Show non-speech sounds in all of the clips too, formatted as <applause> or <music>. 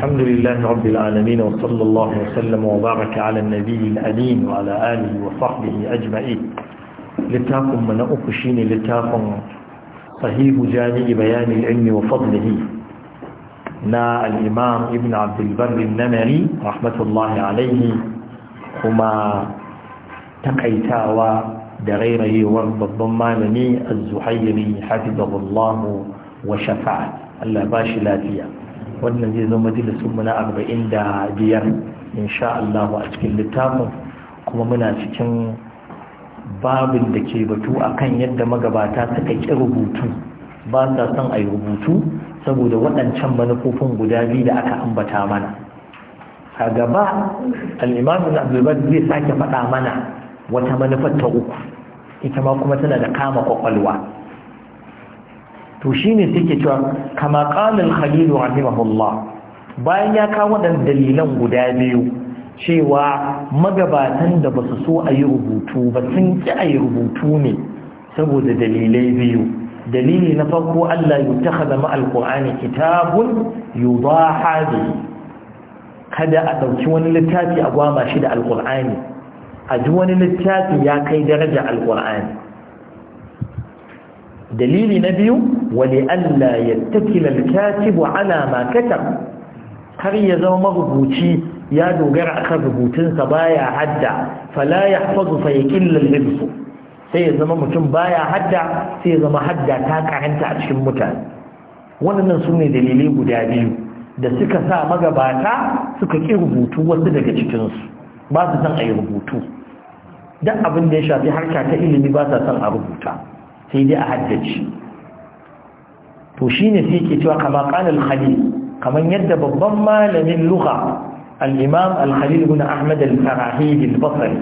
الحمد لله رب العالمين وصلى الله وسلم وبارك على النبي الأمين وعلى آله وصحبه أجمعين لتاكم من أقشين لتاكم صحيح جامع بيان العلم وفضله نا الإمام ابن عبد البر النمري رحمة الله عليه هما تقيتاوا دغيره وربض مالني الزحيري حفظه الله وشفعه الله باش لا فيها wannan zai zama majalisun mu na arba'in da biyar insha Allah a cikin littafin kuma muna cikin babin da ke batu akan yadda magabata suka ƙi rubutu ba sa son a yi rubutu saboda waɗancan manufofin guda biyu da aka ambata mana a gaba al'imamu na zai sake faɗa mana wata manufar ta uku ita ma kuma tana da kama kwakwalwa to shine take cewa kama qala al rahimahullah bayan ya kawo wadan dalilan guda biyu cewa magabatan da basu so a yi rubutu ba sun ki a yi rubutu ne saboda dalilai biyu dalili na farko Allah ya takhada ma al kitabun yudaha bihi kada a dauki wani littafi a gwama shi da al a ji wani littafi ya kai daraja al dalili na biyu ولئلا يتكل الكاتب على ما كتب har ya zama marubuci ya dogara akan rubutunsa baya hadda fala yahfazu fa yaqill al-hifz sai ya zama mutum baya hadda sai ya zama hadda ta karanta a cikin mutane wannan sune dalilai guda biyu da suka sa magabata suka ki rubutu wasu daga cikin su ba su san a yi rubutu duk abin da ya shafi harka ta ilimi ba sa san a rubuta sai dai a haddace to shine sai yake cewa kama qala al-khalil kaman yadda babban malamin lugha al-imam al-khalil ibn ahmad al-farahidi al-basri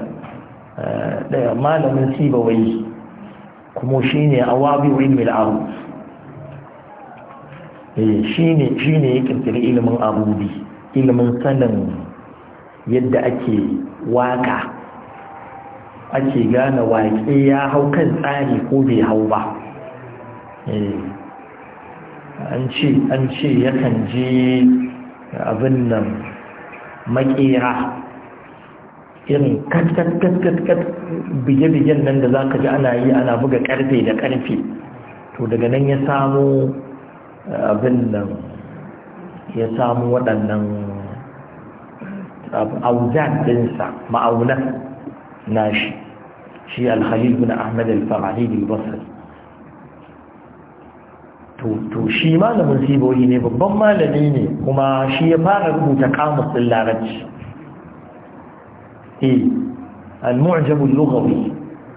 da malamin sibawai kuma shine awabi ilmi al-arab shine shine yake kirkiri ilmin abudi ilmin sanan yadda ake waka ake gane waƙe ya hau kan tsari ko bai hau ba an ce yakan je abin nan makera irin katkat bige-bigen nan da za ka ji ana yi ana buga karfe da karfe to daga nan ya samu eh, abin nan ya samu waɗannan eh, auzan ɗinsa ma'aunan na shi alhalibu na ahmad al-farahidi basir to shi malamin sibohi ne babban malami ne kuma shi ya fara rubuta kamusin larabci e al-mu'jamul lughawi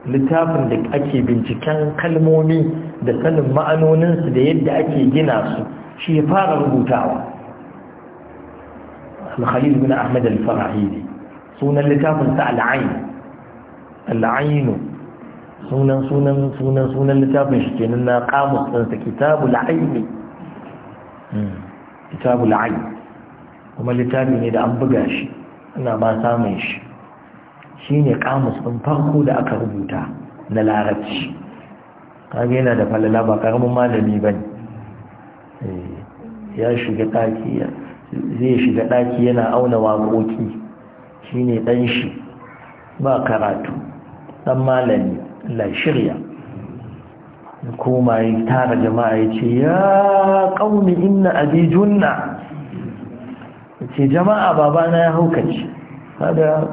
littafin da ake binciken kalmomi da sanin ma'anoninsu da yadda ake gina su shi ya fara rubutawa al-khalil bin ahmad al-farahidi sunan littafin sa al-ain al-ainu sunan sunan sunan sunan littafin shi kenan na kamus ɗinsa kitabul aini hmm. kitabul aini kuma littafi ne da an buga shi ana ba samun shi shi ne kamus ɗin farko da aka rubuta na larabci kage yana da falala ba karamin malami ba ne eh, ya shiga ɗaki zai shiga ɗaki yana auna waƙoƙi shi ne ɗan shi ba karatu ɗan malami Allah shirya koma ya tara jama'a ya ce ya ƙauni inna abi ya ce jama'a babana ya haukaci hada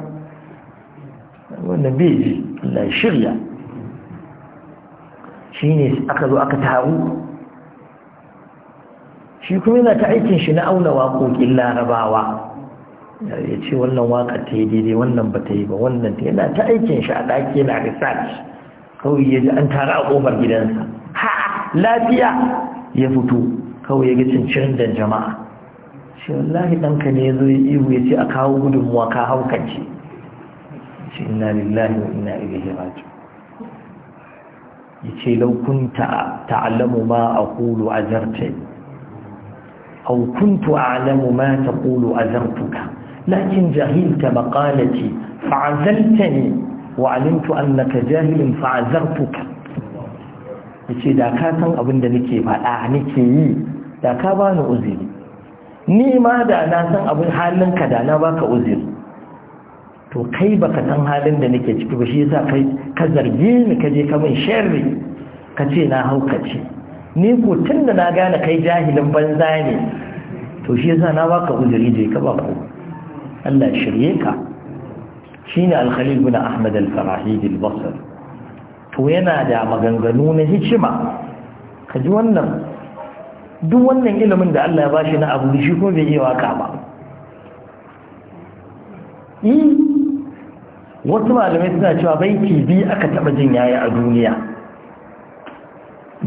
wannan beji Allah shirya shi ne aka zo aka taru shi kuma yana ta aikin shi na auna waƙoƙin larabawa ya ce wannan waƙa ta yi daidai wannan ba ta yi ba wannan ta yana ta aikin shi a ɗaki na research kawai ya ji an tara a ƙofar gidansa ha'a lafiya ya fito kawai ya ga cincirin da jama'a shi wallahi ɗanka ne ya zo ya ihu ya ce a kawo gudunmuwa ka haukance shi inna lillahi wa inna ilaihi raji ya ce laukun ta'alamu ma a kulu a zartai أو كنت أعلم ما تقول أذرتك لكن جهلت مقالتي فعزلتني وعلمت أنك جاهل فعذرتك yace da ka san abin da nake faɗa nake yi da ka bani uzuri ni ma da na san abin ka da na baka uzuri to kai baka san halin da nake ciki ba shi yasa kai ka zargi ni ka je ka min sharri ka ce na haukace ni ko tun da na gane kai jahilin banza ne to shi yasa na baka uzuri je ka ba Allah shirye ka shine al-khalil bin ahmad al-farahidi al-basri to yana da maganganu na hikima kaji wannan duk wannan ilimin da Allah ya bashi na abu shi ko bai yi waka ba wasu malamai suna cewa baiti biyu aka taba jin yayi a duniya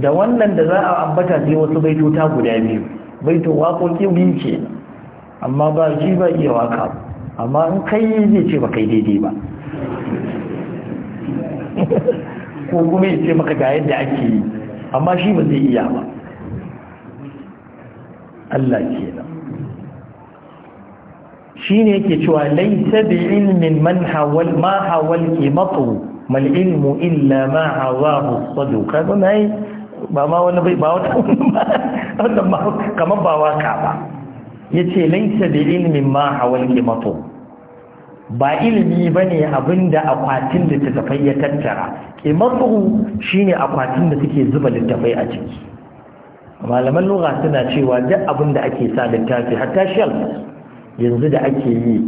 da wannan da za a ambata sai wasu baitota guda biyu baito waƙoƙi biyu ce, amma ba shi ba iya waƙa ba amma in kai zai ce baka yi daidai ba ko kuma ya ce maka ga yadda ake yi amma shi ba zai iya ba Allah ke nan shi ne yake cewa laisa bi ilmin man ma hawal ke matsu mal ilmu illa ma hawahu sadu ka ba na yi ba ma wani bai ba wata <laughs> kamar ba waka ba ya ce laisa bi ilmin ma hawal ke matsu ba ilimi ba ne abinda akwatin da littattafai ya tattara ƙimatsu shine akwatin da suke zuba littafai a ciki malaman lura suna cewa duk abinda ake sa littafi hatta shelf yanzu da ake yi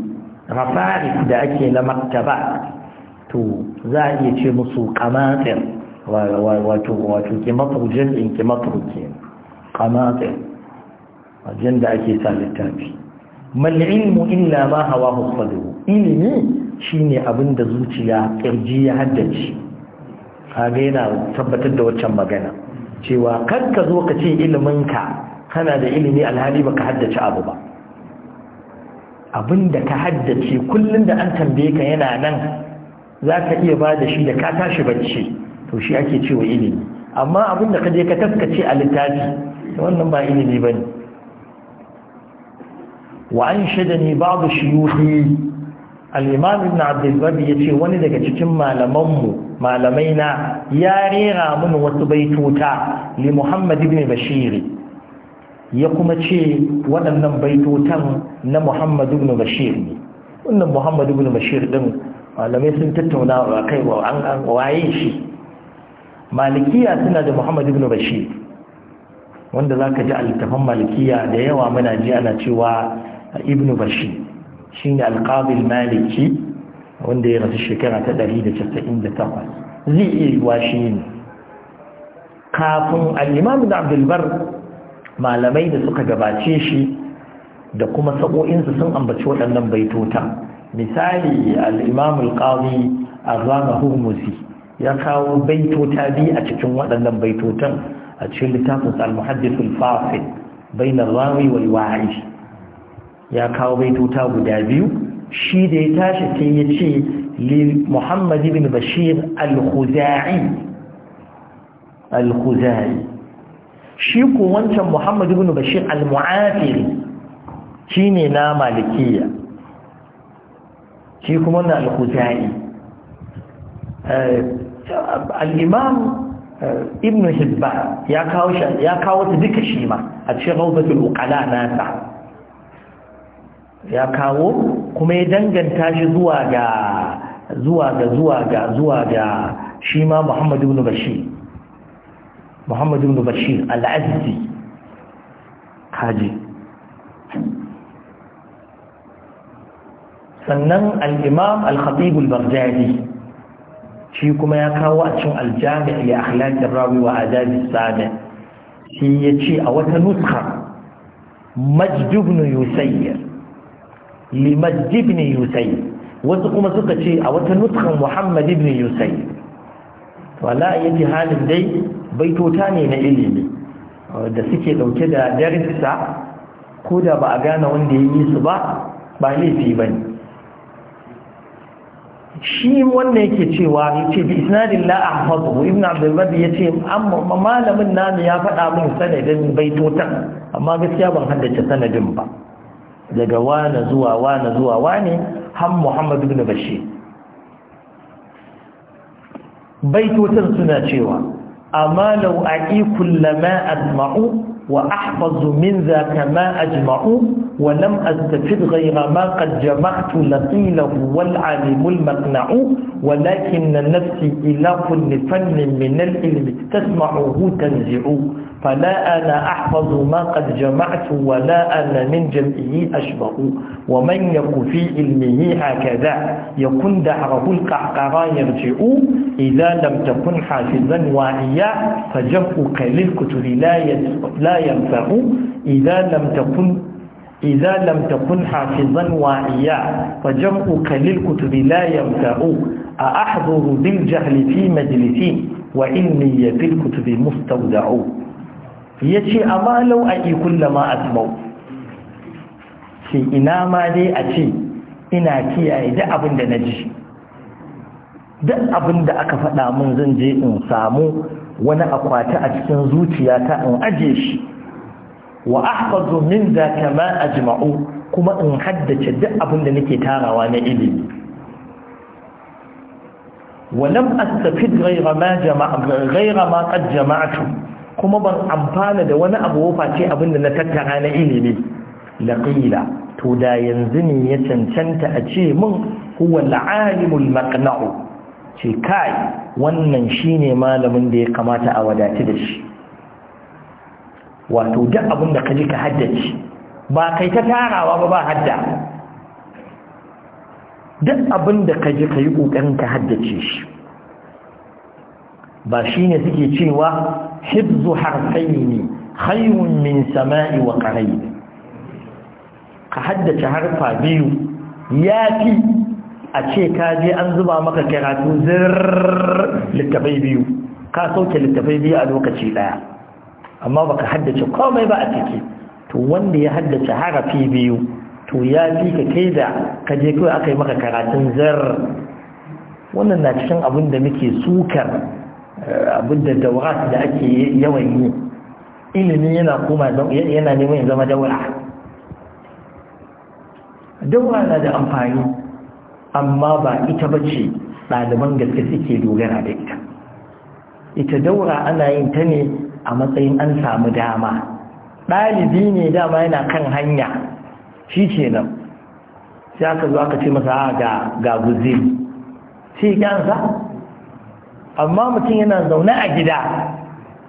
rafari da ake na maktaba to za a iya ce musu kamatsir wato ƙimatsu jam'in ƙimatsu ke kamatsir wajen da ake sa littafi mal ilmu illa ma hawa sadru ilimi shine abin da zuciya kirji ya haddace kaga yana tabbatar da waccan magana cewa kar ka zo ka ce iliminka kana da ilimi alhali ka haddace abu ba abin da ka haddace kullum da an tambaye ka yana nan za ka iya ba da shi da ka tashi bacci to shi ake cewa ilimi amma abin da ka je ka taskace a littafi wannan ba ilimi ba ne وأنشدني بعض شيوخي الإمام ابن عبد الباب يتي wani daga cikin Malamai malamaina ya rera mun wasu baitota li Muhammad ibn Bashir ya kuma ce waɗannan baitotan na Muhammad ibn Bashir ne wannan Muhammad ibn Bashir din malamai sun tattauna wa kai wa an waye shi malikiya suna da Muhammad ibn Bashir wanda zaka ji a littafin malikiya da yawa muna ji ana cewa ibn bashir shine alqabil maliki wanda ya rasu shekara ta 198 zai iya washi shi ne kafin al'imam da abdulbar malamai da suka gabace shi da kuma sa'o'insu sun ambaci waɗannan baitota misali al'imam alƙazi a zama hurmuzi ya kawo baitota biyu a cikin waɗannan baitotan a cikin littafin al-muhaddisul fasil bainar rawi wal wa'i ya kawo baituta guda biyu shi da ya tashi sai ya ce muhammad ibn bashir al-khuzai al-khuzai shi ko wancan muhammad ibn bashir al shi ne na malikiya shi kuma na al-khuzai eh, al-imam eh, ibn Hibba ya kawo shi ta duka shi ma a cikin rawdatul uqala nasa ya kawo kuma ya danganta shi zuwa ga zuwa ga zuwa ga zuwa ga shi ma Muhammadu ibn Bashir Muhammadu ibn Bashir al-Azdi kaji sannan al-Imam al-Khatib al-Baghdadi shi kuma ya kawo a cin aljami'a ya li akhlaqir a wa adab as-sami shi yace a wata nuskha Majd ibn Yusayyir limad ibn yusai wasu kuma suka ce a wata nutkan muhammad ibn yusai wala yake halin dai baitota ne na ilimi da suke dauke da darissa ko da ba a gane wanda ya yi su ba ba laifi ba ne shi wanda yake cewa ya ce bi isnadin la'an hazu ibn yace ya ce malamin namu ya faɗa min sanadin baitotan amma gaskiya ban haddace sanadin ba daga wane zuwa wane zuwa wane han muhammad ibn bashir baitotan suna cewa amma law aqiqul lama asma'u wa ahfazu min za kama ajma'u wa lam astafid ghayra ma qad jama'tu latilahu wal alimul maqna'u walakin nafsi ila kulli fannin min al-ilmi tasma'uhu tanzi'u فلا أنا أحفظ ما قد جمعت ولا أنا من جمعه أشبه ومن يك في علمه هكذا يكون دعره القعقرى يرجع إذا لم تكن حافظا واعيا فجمعك للكتب لا لا ينفع إذا لم تكن إذا لم تكن حافظا واعيا فجمعك للكتب لا ينفع أأحضر بالجهل في مجلسي وإني في الكتب مستودع ya ce amma lau a ikun da ma'asmau ce ina ma dai a ce ina kiyaye duk abin da na ji duk abin da aka faɗa min zan je in samu wani akwati a cikin zuciyata in aje shi wa ahfazu min da kama ajma'u kuma in haddace duk abin da nake tarawa na ilimi lam astafid ghayra ma jama'a ghayra ma qad jama'tu kuma ban amfana da wani abu face abin da na tattara na ilimi laqila to da yanzu ne ya cancanta a ce mun huwa al-alimul maqna'u ce kai wannan shine malamin da ya kamata a wadace da shi wato duk abin da kaji ka haddace ba kai ta tarawa ba ba hadda duk abin da kaji kai kokarin ka haddace shi ba shine suke cewa hibzu harfaini khayrun min sama'i wa qarib ka haddace harfa biyu yafi a ce ka je an zuba maka karatu zir littafai biyu ka sauke littafai biyu a lokaci daya amma baka haddace komai ba a ciki to wanda ya haddace harafi biyu to ya fi ka kai da ka je kawai aka yi maka karatun zar wannan na cikin abin da muke sukar abin da daurat da ake yawan yi ilimi yana kuma yana neman ya zama daura daura na da amfani amma ba ita ba ce ɗaliban gaske suke dogara da ita ita daura ana yin ta ne a matsayin an samu dama ɗalibi ne dama yana kan hanya shi nan. sai aka zo aka ce masa ga ga sai ya amma mutum yana zaune a gida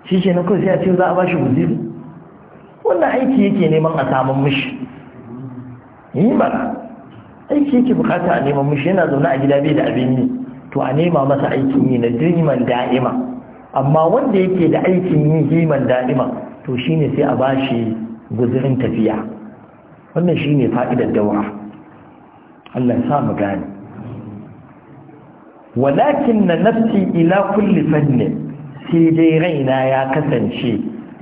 shi ke nan sai a ce za a ba shi guziri wannan aiki yake neman a samun mishi yi ba aiki yake bukata a neman mishi yana zaune a gida bai da abin yi to a nema masa aikin yi na jirgin da'ima amma wanda yake da aikin yi jirgin da'ima to shine sai a ba shi guzirin tafiya wannan shi ne fa'idar dawa Allah ya sa mu gane walakin na nafsi ila kulli fannin sai dai raina ya kasance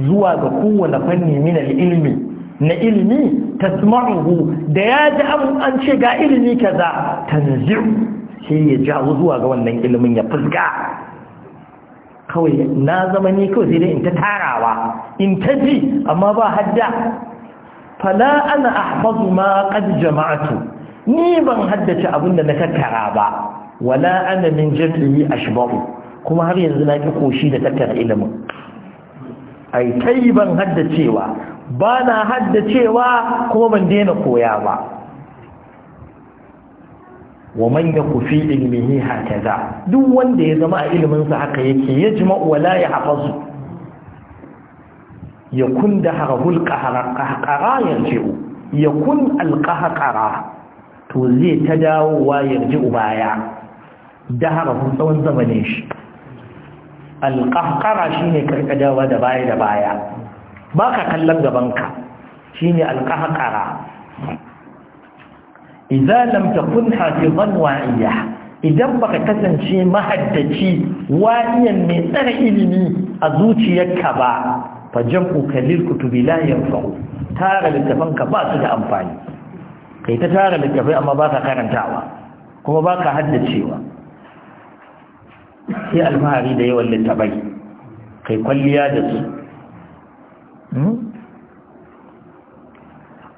zuwa ga kowane fanni min ilmi na ilmi tasma'uhu da ya ji an ce ga ilmi kaza tanzi'u sai ya jawo zuwa ga wannan ilimin ya fuska kawai na zama ni kawai sai dai in ta tarawa in ta ji amma ba hadda fala ana Ahmadu ma qad jama'atu ni ban haddace abin da na tattara ba wala ana min jam'i ashbahu kuma har yanzu na ki koshi da tattara ilimin ai kai ban haddacewa ba na haddacewa kuma ban daina koya ba wa man yaku fi ilmihi hakaza duk wanda ya zama a ilimin sa haka yake yajma wala ya hafazu yakun da harahul qahara yarji'u yakun alqahqara to zai ta dawowa yarji'u baya daharahu tsawon zamanin shi Alƙaƙara shi ne karkadawa da baya da baya ba ka kallon gabanka shi ne alƙaƙara. idan lamta kun hafizan wa'iya idan baka kasance mahaddaci wayan mai tsara ilimi a zuciyarka ba fajen ƙoƙarin kutubi layin fa'o tara littafanka ba su da amfani kai ta tara littafai amma ba ka karantawa kuma ba ka haddacewa sai alfahari da yawan littafai kai kwalliya da su hmm?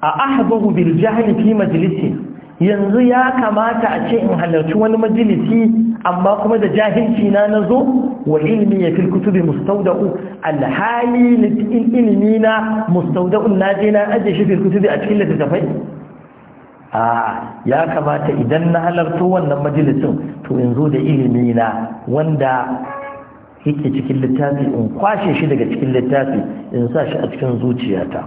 a ahbahu bil jahli fi yanzu ya kamata a ce in halarci wani majalisi amma kuma da jahilci na nazo wa ilmi ya fil kutubi mustawda'u alhali ilmi na mustawda'un naje na ajiye shi fil kutubi a cikin littafai a ya kamata idan na halarto wannan majalisin to in zo da ilimi na wanda yake cikin littafi in kwashe shi daga cikin littafi in sa shi a cikin zuciyata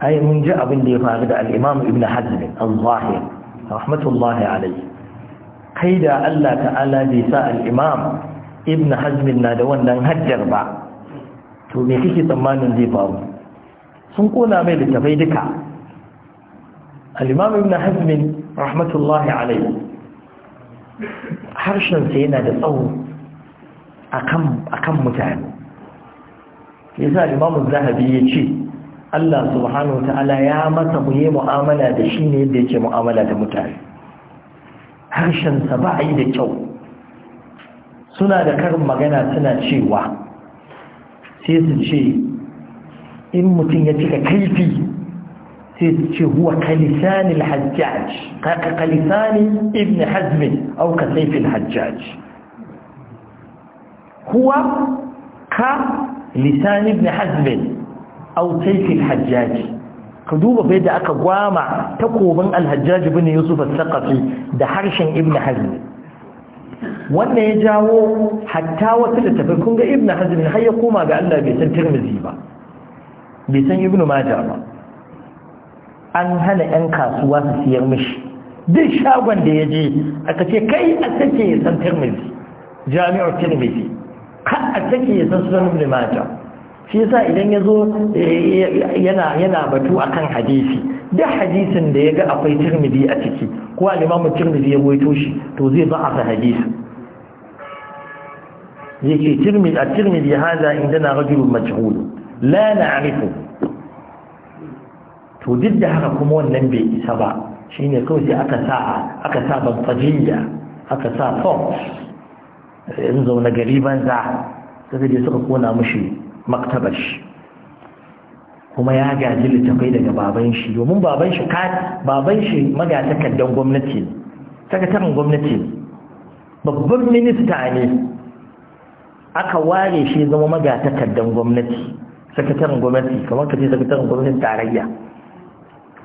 ai mun ji abin da ya faru da al-Imam Ibn Hazm al-Zahir rahmatullahi alayhi kai da Allah ta'ala bai sa al-Imam Ibn Hazm na da wannan hajjar ba to me kike tsammanin zai faru sun kona mai tafai duka al-imam ibn hazm rahmatullahi alayhi harshen yana da tsawo a kan mutane yasa al zahabi ya ce, Allah subhanahu ta'ala ya masa muyi mu'amala da shi ne yadda yake mu'amala da mutane harshen sa ba yi da kyau suna da karin magana suna cewa sai su ce in mutum ya cika kaifi sai su ce huwa kalisanin hajjaj ka kalisanin ibn hazmin au ka saifin hajjaj huwa ka lisan ibn hazmin au saifin hajjaj ka duba bai da aka gwama takobin alhajjaj bin yusuf al da harshen ibn hazmin wannan ya jawo hatta wasu littafai kun ga ibn hazmin har ya koma ga Allah bai san tirmizi ba bai san ibn majah an hana 'yan kasuwa su siyar mishi duk shagon da ya je aka ce kai a take ya san tirmidhi jami'ar tirmidhi ka a take ya san sunan ibn shi yasa idan ya zo eh, yana yana batu akan hadisi duk hadisin da ya ga akwai tirmidhi a ciki ko al-imamu ya goyito shi to zai ba a hadisi yake tirmidhi at haza inda na rajulun majhul la na arifu. to duk da haka kuma wannan bai isa ba shine kawai sai aka sa aka sa banfajinja aka sa fox eh, in zaune gari banza suka je suka kona mushi maktabar shi kuma ya gaji littafai daga baban shi domin baban shi baban shi magatakardan gwamnati ne sakataren gwamnati babban minista ne aka ware shi zama magatakardan gwamnati sakataren gwamnati kamar ka ce sakataren gwamnati tarayya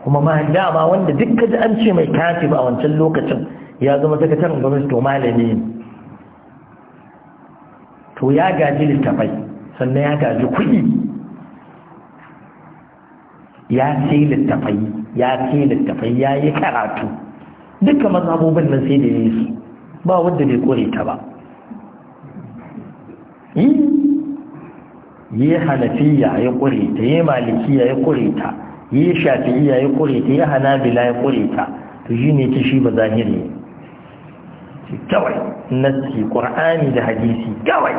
kuma ma dama wanda duk kaji an ce mai katib a wancan lokacin ya zama sakataren gwamnati to malami ne to ya gaji littafai sannan ya gaji kuɗi ya ce littafai ya ce littafai ya yi karatu duka mazhabobin nan sai da yesu ba wanda bai kore ta ba yi hanafiya ya kore ta yi malikiya ya kore ta yi shafi'iyya ya kure ta ya hanabila ya kure ta to shi ne kishi ba zahiri kawai nassi ƙur'ani da hadisi kawai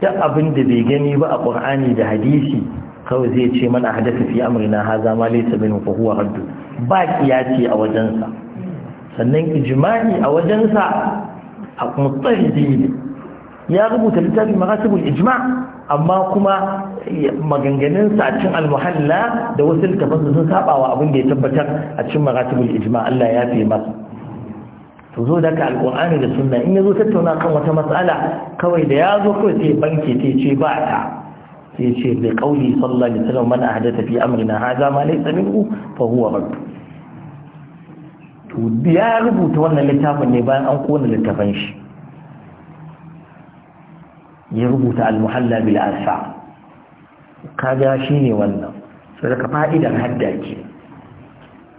duk abin da bai gani ba a ƙur'ani da hadisi kawai zai ce mana hadasa fi amrina haza ma laysa minhu fa huwa raddu ba kiyaci a wajensa sannan ijma'i a wajensa a mutsari ya rubuta littafin maratibul ijma' amma kuma maganganun a cin almuhalla da wasu littafan sun saba wa abin da ya tabbatar a cin maratibul ijma Allah ya fi masa to zo da ka alƙur'ani da sunna in ya zo tattauna kan wata matsala kawai da yazo kawai sai banke sai ce ba ta sai ce bi qauli sallallahu alaihi wasallam man ahdatha fi amrina hadha ma laysa minhu fa huwa rad to ya rubuta wannan littafin ne bayan an kona littafin shi ya rubuta al-muhalla bil asfa kaga shi ne wannan sai daga fa'idan hadda ke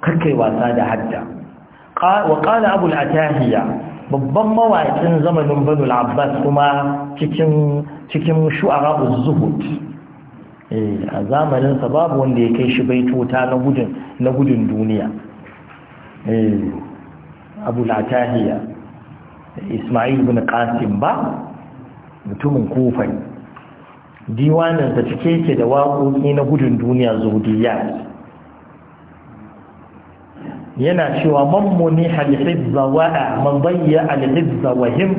kakai wasa da hadda wa ƙala abu al'atahiya babban mawakin zamanin banu al'abbas kuma cikin shu'ara zuhud eh, a zamaninsa babu wanda ya kai shi baitota na gudun duniya eh, abu latahiya ismail bin qasim ba mutumin kofai. diwanin ta cike yake da waƙoƙi na gudun duniya zodiya yana cewa mammuni halhizza wa'a man bayya alhizza him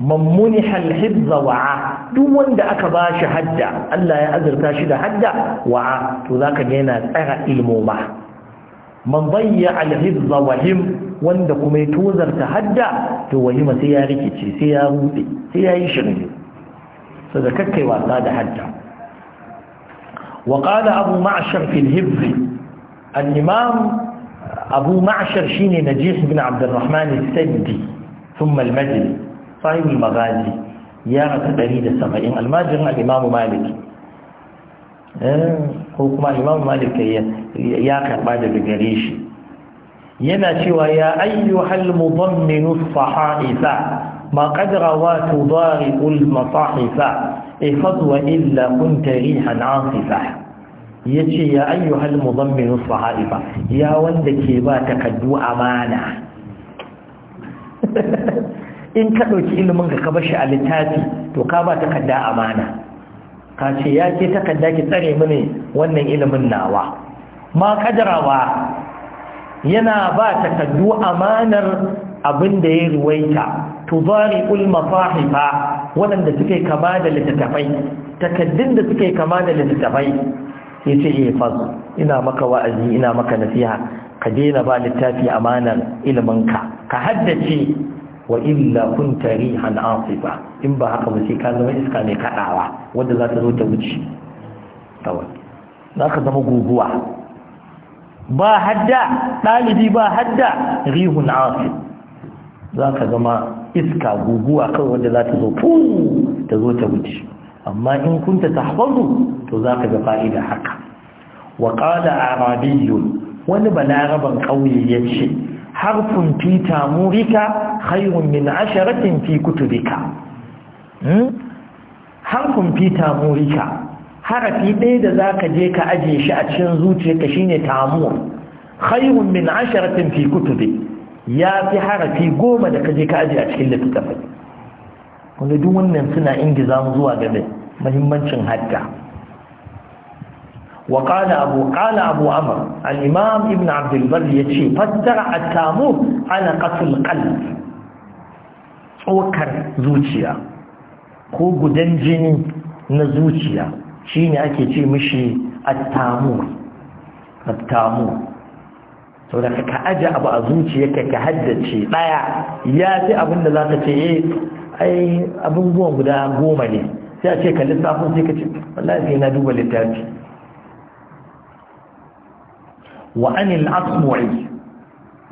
mammuni halhizza wa'a duk wanda aka ba shi hadda Allah ya azurta shi da hadda wa'a to zaka ga yana tsara ilmoma man bayya alhizza him wanda kuma ya tozarta hadda to wahima sai ya rikice sai ya rufe sai ya yi shirme فذكرك واساد حجا وقال ابو معشر في الهبر الامام ابو معشر شيني نجيح بن عبد الرحمن السدي ثم المجل صاحب المغازي يا تقريد السبعين الماجر الامام مالك آه، هو كما الامام مالك يا كباد بجريشي ينا شوى يا ايها المضمن الصحائف ما قد روى تضارع المصاحف احفظ وإلا كنت ريحا عاصفة Ya يا أيها المضمن الصحائف يا in ka ɗauki ilimin ka ka bashi a littafi to ka ba takarda amana ka ce ya ke takarda ki tsare mini wannan ilimin nawa ma yana ba takardu amanar abin da ya ruwaita tubari mafahifa waɗanda suke kama da littattafai takaddun da suke kama da littattafai ya ce efas eh, ina maka wa'azi ina maka nasiha ka daina ba littafi amanar iliminka ka haddace wa illa kun tari asifa in ba haka ba sai ka zama iska mai kaɗawa wadda za ta zo ta wuce za ka zama guguwa ba hadda ɗalibi ba hadda rihun asif za ka zama iska guguwa kawai wanda za ta zo fuu ta zo ta wuce amma in kunta ta tahfazu to za ka ga fa'ida haka wa a arabiyyun wani balaraban ƙauye ya ce harfin fi tamurika khairun min asharatin fi kutubika hmm? harfin fi tamurika harafi ɗaya da za ka je ka ajiye shi a cikin zuciyarka shine tamur khairun min asharatin fi kutubika ya fi harafi goma da kaje ka aje a cikin littattafai wanda duk wannan suna ingiza mu zuwa ga mai muhimmancin hadda wa qala abu qala abu amr al imam ibn abd al bar yace fassara at tamu ala qatl qalb tsokar zuciya ko gudan jini na zuciya shine ake ce mishi at tamu sau da ka ajiye abu a zuciyarka ka haddace ɗaya ya fi abin da za ka ce eh ai abubuwan guda goma ne sai a ce ka lissafin sai ka ce wallahi na duba littafi wa anil asmu'i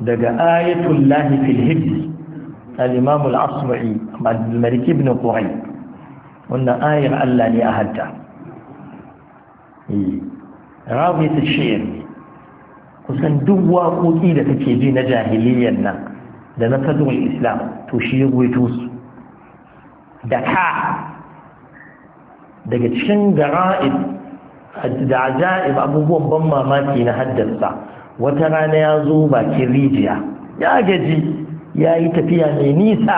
daga ayatul lahi fil hibbi al-imam al-asmu'i malik ibn qurayn wannan ayar Allah ne a hadda eh, rawi tashir kusan duk waƙoƙi da take ji na jahiliyyar nan da na fadul islam to shi ya gwaito su da ka daga cikin gara'ib da aja'ib abubuwan ban mamaki na haddasa wata rana ya zo bakin rijiya ya gaji ya yi tafiya mai nisa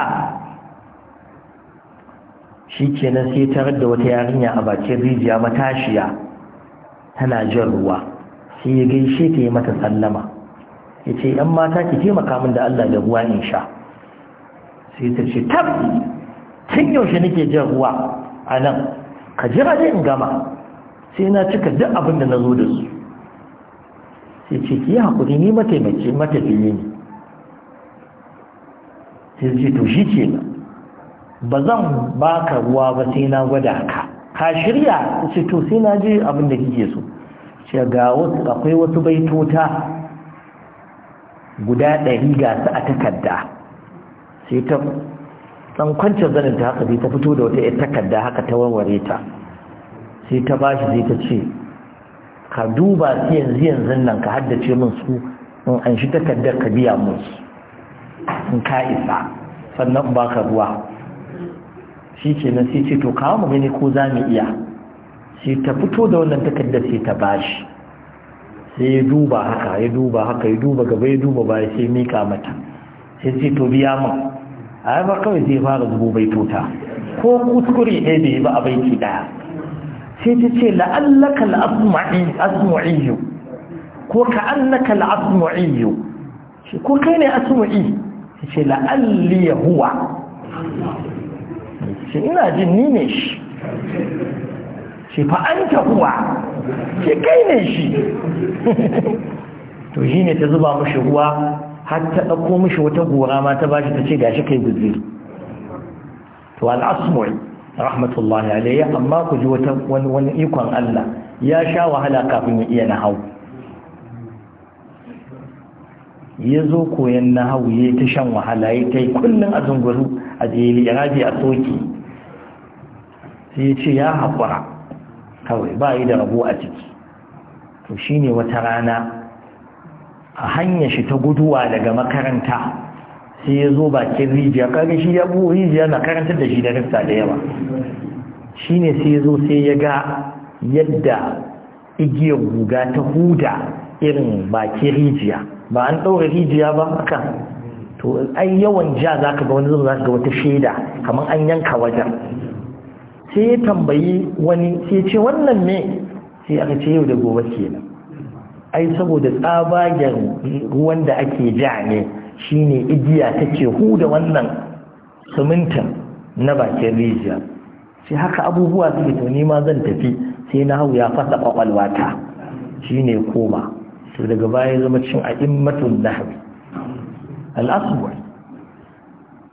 shi kenan sai tarar da wata yarinya a bakin rijiya matashiya tana jan ruwa sai ya gaishe ta yi mata sallama ya ce ‘yan mata ki taimaka min da Allah da ruwa in sha sai ta ce tab tun yaushe nake jan ruwa a nan ka jira dai in gama sai na cika duk abin da na zo da su sai ce ki yi haƙuri ni mataimaki matafiye ne sai ce to shi ce ba zan baka ruwa ba sai na gwada ka ka shirya ce to sai na je abin da kike so ce ga akwai wasu baitota guda ɗari ga a takarda sai ta ɗan kwancin zanen ta haka zai ta fito da wata 'yar takarda haka ta warware ta sai ta bashi zai ta ce ka duba su yanzu yanzu nan ka haddace min su in an shi takardar ka biya musu in ka isa sannan ba ka ruwa shi ke nan sai ce to kawo mu gani ko za mu iya sai ta fito da wannan takardar sai ta bashi sai ya duba haka ya duba haka ya duba gaba ya duba baya sai mika mata sai sai to biya mu a ba kawai zai fara zubo bai tota ko kuskure ɗaya ya ba a baiki ɗaya sai ta ce la'allaka al'asmu'iyyu ko ka annaka al'asmu'iyyu ko kai ne asmu'i ta ce la'alli sai ina jin ni ne shi ce fa an kuwa shi <laughs> to shi ne ta zuba mashi ruwa har ta ɗauko mashi wata gora ma ta bashi ta ce gashi kai guziri to al'asmai rahmatullahi alayya amma ku ji wata wani ikon Allah ya sha wahala kafin ya iya nahau ya zo koyan nahau ya ta shan wahala ya ta yi kullum a zunguru a jeli ya raji a soki. sai ya ce ya haƙura kawai ba yi da rabo a ciki to shine wata rana a hanya shi ta guduwa daga makaranta sai ya zo bakin rijiya kaga shi ya bu rijiya na karantar da shi da rufta da yawa Shi ne sai ya zo sai ya ga yadda igiyar guga ta huda irin bakin rijiya ba an ɗaura rijiya ba haka to ai yawan ja za ka ga wani zuwa za ka ga wata shaida kamar an yanka wajen sai ya tambayi wani sai ce wannan me sai aka ce yau da gobe kenan ai saboda tsabagen ruwan da ake ja ne shine igiya ta take da wannan sumintan na bakin rijiya sai haka abubuwa suke to ma zan tafi sai na hau ya fasa kwakwalwa kwakwalwata ne koma to daga baya zama cin a'immatul na al-aswad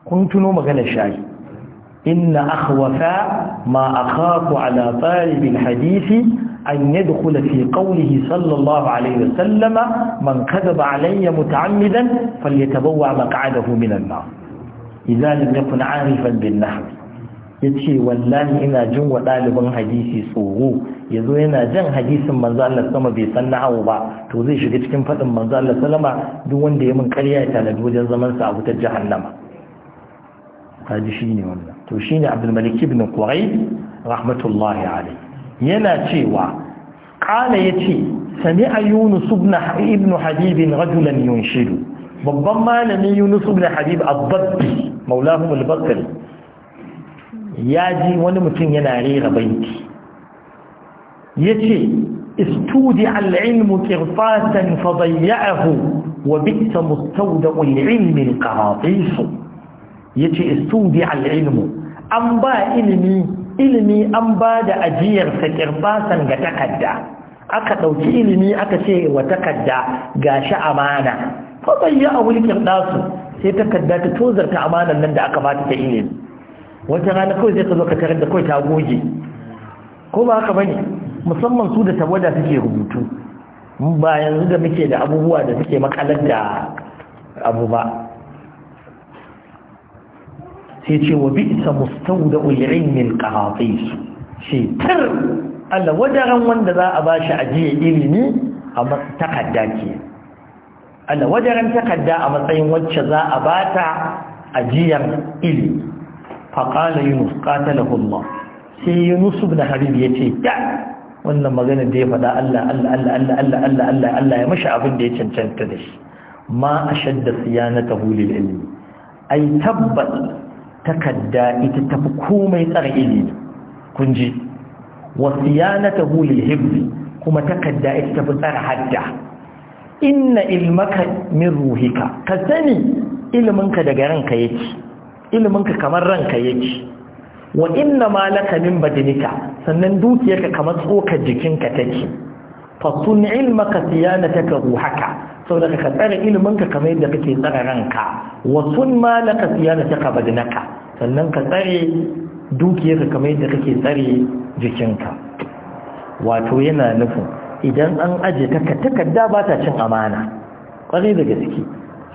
kun tuno maganar shayi إن أخوفا ما أخاف على طالب الحديث أن يدخل في قوله صلى الله عليه وسلم من كذب علي متعمدا فليتبوع مقعده من النار إذا لم يكن عارفا بالنحو يتشي والله إنا جنو طالب الحديث صوغو يزو إنا جن حديث من ذا الله سلم في سنة عوبا توزيش كتكم فتن من ذا الله سلم دون دي من كريات على جوجة زمن سعبت الجهنم هذا شيء والله نعم. توشين عبد الملك بن قريب رحمة الله عليه ينا تيوى قال يتي سمع يونس بن ابن حبيب رجلا ينشد ربما لم يونس بن حبيب الضب مولاهم يا ياجي ونمتن يناري ربيك يتي استودع العلم كرفاسا فضيعه وبئت مستودع العلم القراطيس Ya ce istudi al-ilmu an ba ilimi ilimi an ba da ajiyar saƙir basan ga takadda aka ɗauki ilimi aka ce wa takadda ga shi amana yi a wulkin ɗasu sai takadda ta tozarta amanan nan da aka ba ta ilimi wata rana kawai zai ka zo ka tarar da kawai ta goge ko ba haka bane musamman su da tawada suke rubutu ba yanzu da muke da abubuwa da suke makalar da abu ba sai ce wa bi'sa mustawda'ul ilmi al-qaratis shi tar Allah wanda za a bashi ajiye ilimi a takadda ke Allah takadda a matsayin wacce za a bata ajiyar ilimi faqala yunus qatalahu sai yunus ibn harib yace ya wannan magana da ya faɗa Allah Allah Allah Allah Allah Allah Allah Allah ya mashi abin da ya cancanta da shi ma siya na tahulil ilimi. ai tabbat takadda ita tafi komai tsara ilimi kun ji ta lil hibbi kuma takadda ita tafi tsara hadda inna ilmaka min ruhika ka sani iliminka daga ranka yake iliminka kamar ranka yake wa inna malaka min badinika sannan dukiyarka kamar tsokar jikinka take fasun ilmaka ka ruhaka sau da ka tsara ilminka kamar yadda kake tsara ranka wasun malaka siyanataka badnaka sannan ka tsare dukiyarka kamar yadda kake tsare jikinka wato yana nufin idan an aje takarda ba ta cin amana kwarai da gaske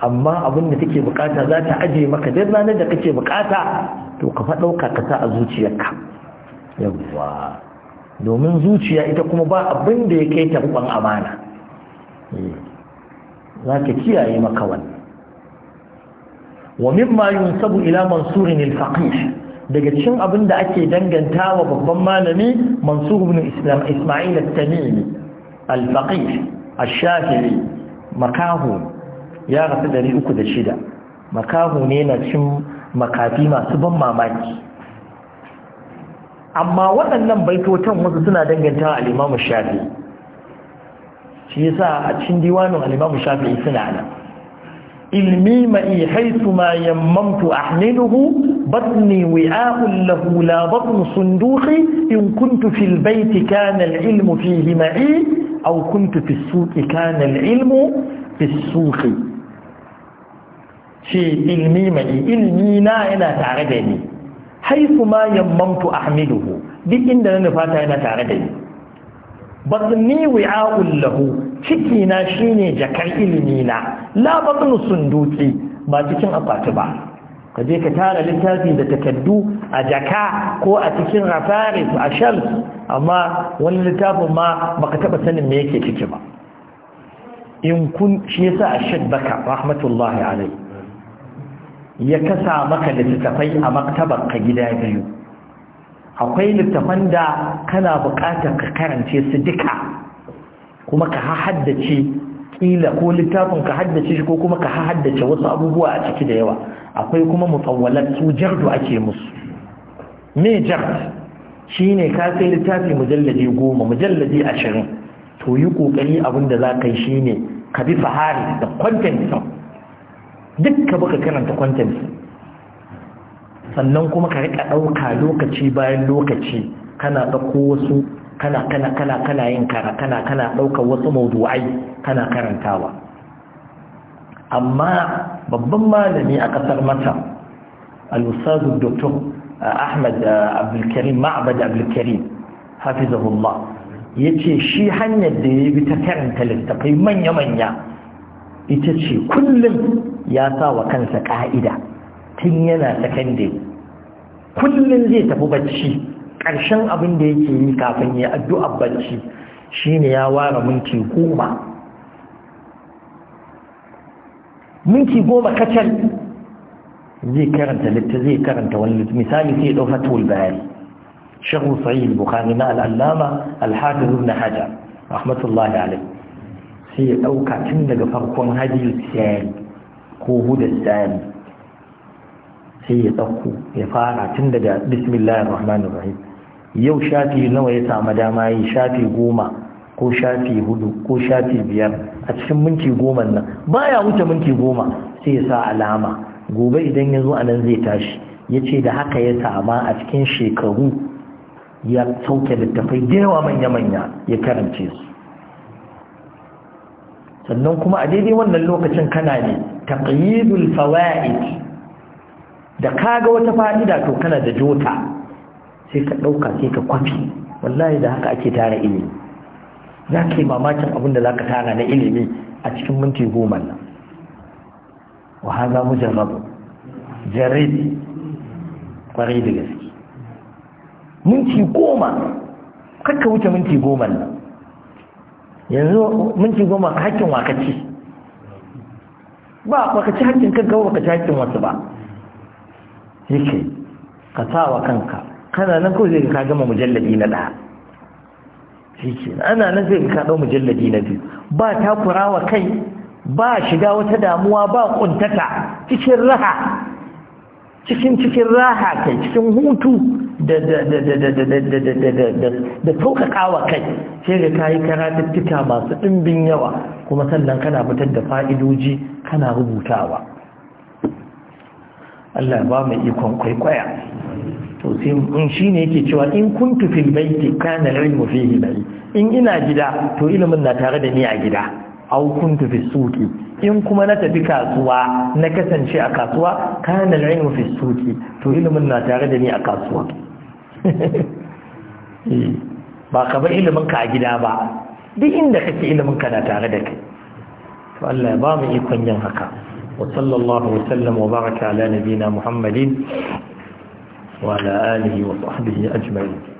amma abin da take bukata za ta aje maka duk ranar da kake bukata to ka fa dauka ka sa a zuciyarka yawwa domin zuciya ita kuma ba abin da ya kai tarban amana eh, za ka kiyaye maka wani. wa yi sabu ila mansurin al-faqih daga cin abin da ake danganta wa babban malami mansur bin islam isma'il al tamimi al-faqih ash-shafi'i makahu ya rasu 306 makahu ne na cin makafi masu ban mamaki amma waɗannan baitotan wasu suna danganta al'imamu shafi shi yasa a cikin diwanin al'imamu shafi suna nan ilmi ma'i haitu ma yammamtu ahmiluhu batni wi'a'un lahu la batn sunduhi in kuntu fil baiti kana ilmu fihi ma'i aw kuntu fi suqi kana ilmu fi suqi shi ilmi ma'i ilmi na yana tare da ni haifu ma yammamtu ahmiluhu duk inda na nufata yana tare da ni batni wi'a'un lahu ciki na shine jakar ilimi na la batnu sunduki ba cikin akwati ba ka je ka tara littafi da takaddu a jaka ko a cikin rafaris a shelf amma wani littafin ma baka taba sanin me yake ciki ba in kun shi yasa ashad baka rahmatullahi alayhi ya kasa maka littattafai a maktabar ka gida biyu akwai littattafan da kana buƙatar ka karance su duka kuma ka haddace kila ko littafin ka haddace shi ko kuma ka haddace wasu abubuwa a ciki da yawa akwai kuma mutawwalat su jardu ake musu me jard shine ka sai littafi mujallaji goma mujallaji ashirin to yi kokari abin da za ka yi shine ka bi fahari da kwantentin dukka baka karanta content sannan kuma ka rika ɗauka lokaci bayan lokaci kana ɗauko wasu kana kana kana kana yin kara kana kana ɗaukar wasu mawdu'ai kana karantawa amma babban malami a ƙasar mata al-ustadu dr ahmad abdulkarim ma'bad abdulkarim hafizahullah ce shi hanyar da ya bi ta karanta littafai manya-manya ita ce kullum ya sa wa kansa ƙa'ida tun yana sakandare kullum zai tafi bacci ƙarshen abin da yake yi kafin ya addu'a bacci shine ya ware minti goma minti goma kacal zai karanta litta zai karanta wani misali sai ya ɗau fatul bayani shahu sahih bukhari na al'allama alhafiz hajar rahmatullahi alaihi sai ya ɗauka tun daga farkon hadisi sai ko hudar dani sai ya ɗauko ya fara tun daga bismillahir rahmanir rahim yau shafi nawa ya samu dama yi shafi goma ko shafi hudu ko shafi biyar a cikin minti goma nan baya wuce minti goma sai ya sa alama gobe idan ya zo a nan zai tashi ya ce da haka ya sama a cikin shekaru ya sauke littafai da yawa manya-manya ya karance su sannan kuma a daidai wannan lokacin kana ne taqyidul fawaid da kaga wata fa'ida to kana da jota sai ka dauka sai ka kwafi wallahi da haka ake tara ilimi zaka yi mamakin abinda zaka tara na ilimi a cikin minti goma nan wa haza mujarrabu jarid kwarai da gaske minti goma kakka wuce minti goma nan yanzu minti goma hakkin wakaci ba wakaci hakkin kanka wakaci hakkin wasu ba yake ka sa wa kanka kana nan kawai zai ka gama mujallabi na ɗaya yake ana nan zai ka ɗau mujallabi na biyu ba takura wa kai ba shiga wata damuwa ba kuntaka cikin raha cikin cikin raha kai cikin hutu da saukakawa kai sai da kayi karatuttuka masu ɗimbin yawa kuma sannan kana fitar da fa'idoji kana rubutawa Allah ba mai ikon kwaikwaya to sai in shine yake cewa in kuntu fil baiti kana ilmu fihi bai in ina gida to ilimin na tare da ni a gida aw kuntu fi suqi in kuma na tafi kasuwa na kasance a kasuwa kana ilmu fi suqi to ilimin na tare da ni a kasuwa ba ka bar iliminka a gida ba duk inda kake iliminka na tare da kai to Allah ya ba mu ikon yin haka wa sallallahu wa sallam wa baraka ala nabina muhammadin wa ala alihi wa sahbihi ajma'in